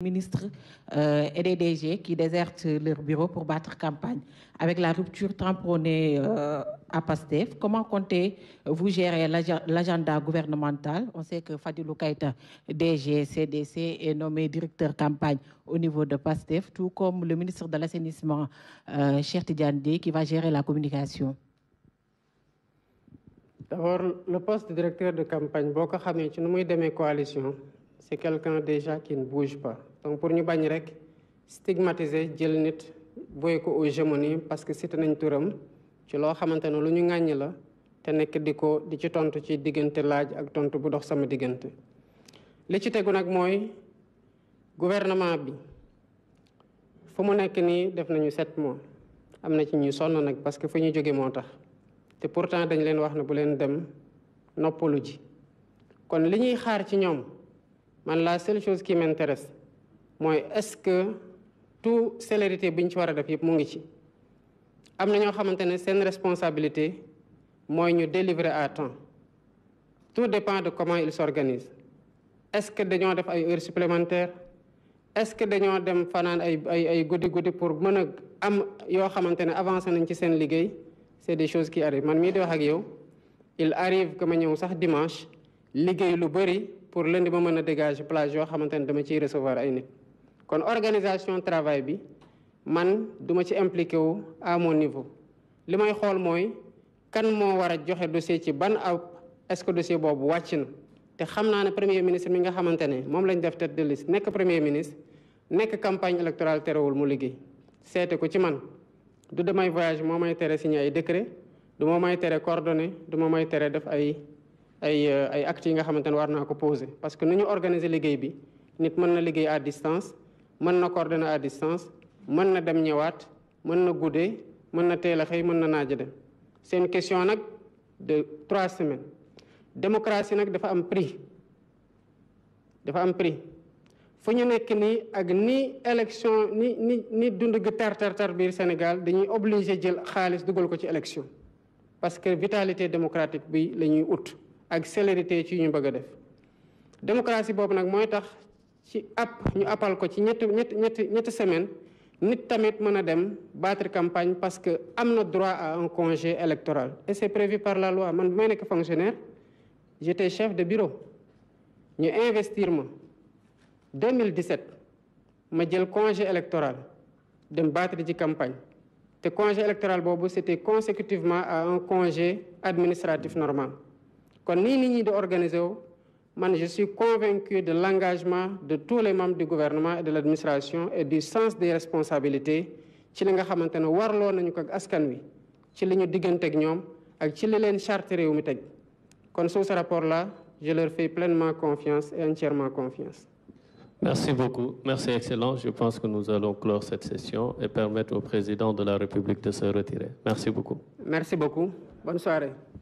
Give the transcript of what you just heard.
ministres euh, et des DG qui désertent leur bureau pour battre campagne. Avec la rupture tamponnée euh, à PASTEF, comment comptez-vous gérer l'agenda gouvernemental On sait que Fadilou Kaita, DG, CDC, est nommé directeur campagne au niveau de PASTEF, tout comme le ministre de l'assainissement, euh, Cherti qui va gérer la communication. D'abord, le poste de directeur de campagne, de coalition, c'est quelqu'un déjà qui ne bouge pas. donc pour ñu bañ rek stigmatiser jël nit boy ko au gémoni parce que cité nañ turam ci loo xamante ne lu ñu ŋàññi la te nekk di ko di ci tontu ci diggante laaj ak tontu bu dox sama diggante li ci tegu nag mooy gouvernement bi fu mu nekk nii def nañu sept mois am na ci ñuy sonn nag parce que fu ñu jóge moo tax te pourtant dañu leen wax ne bu leen dem noppalu ji kon li ñuy xaar ci ñoom man la seule chose qui m'intéresse mooy est-ce que tout célérité bi ñu ci war a def yëpp mu ngi ci am na ñoo xamante ne seen responsabilité mooy ñu délivrer à temps tout dépend de comment ils s'organisent est-ce que dañoo def ay heures supplémentaires est-ce que dañoo dem fanaan ay ay ay guddi guddi pour mën a am yoo xamante ne avancé nañ ci seen liggéey c'est des choses qui arrivent man mii di wax ak yow il arrive que ma ñëw sax dimanche liggéey lu bari pour lundi ma mën a dégager plage yoo xamante ne dama ciy recevoir ay nit kon organisation travail bi man duma ci impliqué wu à mon niveau li may xool mooy kan moo war a joxe dossier ci ban ab est-ce que dossier boobu wàcc na te xam naa ne premier ministre mi nga xamante ne moom lañ def tête de liste nekk premier ministre nekk campagne électorale terewul mu liggéey seete ko ci man du damay voyage moo may tere signé ay décret du moo may tere coordonné du moo may tere def ay ay ay actes yi nga xamante ne war naa ko poser parce que nu ñu organiser liggéey bi nit mën na liggéey à distance mën na coordonner à distance mën na dem ñëwaat mën na guddee mën na teel a xëy mën na naaja dem c'est une question nag de trois semaines démocratie nag dafa am prix dafa am prix fu ñu nekk nii ak ni élection ni ni ni dund gi tar tar tar biir Sénégal dañuy obligé jël xaalis dugal ko ci élection parce que vitalité démocratique bi la ñuy ut ak célérité ci ñu bëgg a def démocratie boobu nag mooy tax si nous ñu appal ko ci semaine nit tamit battre campagne parce que am le droit à un congé électoral et c'est prévu par la loi man may fonctionnaire j'étais chef de bureau ñu investir en 2017 ma jël congé électoral dem battre ji campagne Le congé électoral c'était consécutivement à un congé administratif normal kon nii nit ñi Man, je suis convaincu de l'engagement de tous les membres du gouvernement et de l'administration et du sens des responsabilités ci li nga xamante ne warloo nañu ko ak askan wi ci li ñu ñoom ak ci li leen charte réew mi kon sous ce rapport là je leur fais pleinement confiance et entièrement confiance. Merci beaucoup. Merci, Excellent. Je pense que nous allons clore cette session et permettre au président de la République de se retirer. Merci beaucoup. Merci beaucoup. Bonne soirée.